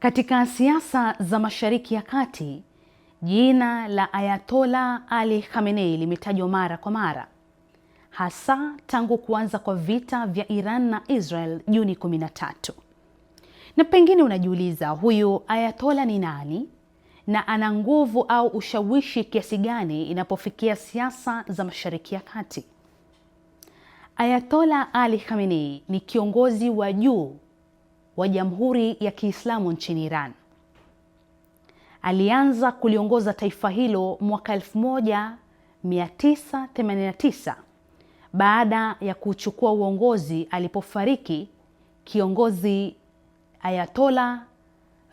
Katika siasa za Mashariki ya Kati, jina la Ayatola Ali Khamenei limetajwa mara kwa mara, hasa tangu kuanza kwa vita vya Iran na Israel Juni 13. Na pengine unajiuliza huyu ayatola ni nani na ana nguvu au ushawishi kiasi gani inapofikia siasa za Mashariki ya Kati? Ayatola Ali Khamenei ni kiongozi wa juu wa Jamhuri ya Kiislamu nchini Iran. Alianza kuliongoza taifa hilo mwaka 1989 baada ya kuchukua uongozi alipofariki kiongozi Ayatola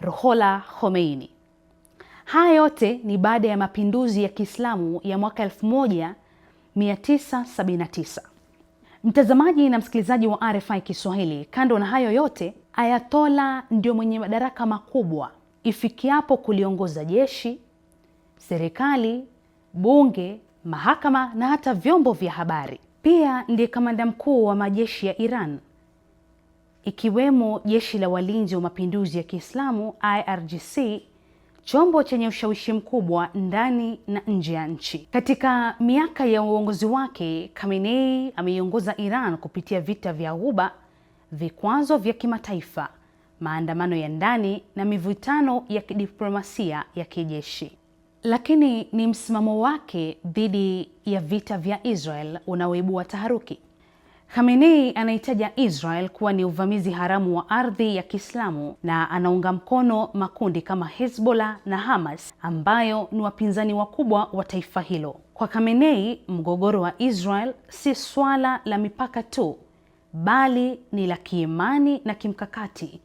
ruhola Khomeini. Haya yote ni baada ya mapinduzi ya Kiislamu ya mwaka 1979. Mtazamaji na msikilizaji wa RFI Kiswahili, kando na hayo yote Ayatola ndio mwenye madaraka makubwa ifikiapo kuliongoza jeshi, serikali, bunge, mahakama na hata vyombo vya habari. Pia ndiye kamanda mkuu wa majeshi ya Iran ikiwemo jeshi la walinzi wa mapinduzi ya Kiislamu IRGC, chombo chenye ushawishi mkubwa ndani na nje ya nchi. Katika miaka ya uongozi wake, Khamenei ameiongoza Iran kupitia vita vya Ghuba vikwazo vya kimataifa, maandamano ya ndani na mivutano ya kidiplomasia ya kijeshi. Lakini ni msimamo wake dhidi ya vita vya Israel unaoibua taharuki. Khamenei anaitaja Israel kuwa ni uvamizi haramu wa ardhi ya Kiislamu na anaunga mkono makundi kama Hezbollah na Hamas ambayo ni wapinzani wakubwa wa taifa hilo. Kwa Khamenei, mgogoro wa Israel si swala la mipaka tu bali ni la kiimani na kimkakati.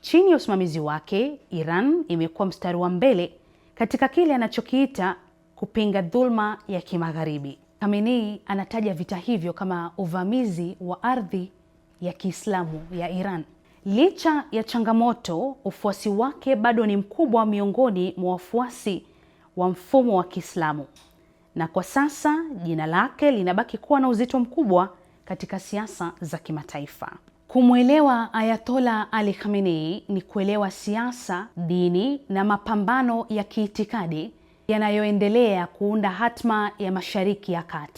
Chini ya usimamizi wake, Iran imekuwa mstari wa mbele katika kile anachokiita kupinga dhulma ya kimagharibi. Khamenei anataja vita hivyo kama uvamizi wa ardhi ya Kiislamu ya Iran. Licha ya changamoto, ufuasi wake bado ni mkubwa miongoni mwa wafuasi wa mfumo wa Kiislamu, na kwa sasa jina lake linabaki kuwa na uzito mkubwa katika siasa za kimataifa. Kumwelewa Ayatola Ali Khamenei ni kuelewa siasa, dini na mapambano ya kiitikadi yanayoendelea kuunda hatma ya Mashariki ya Kati.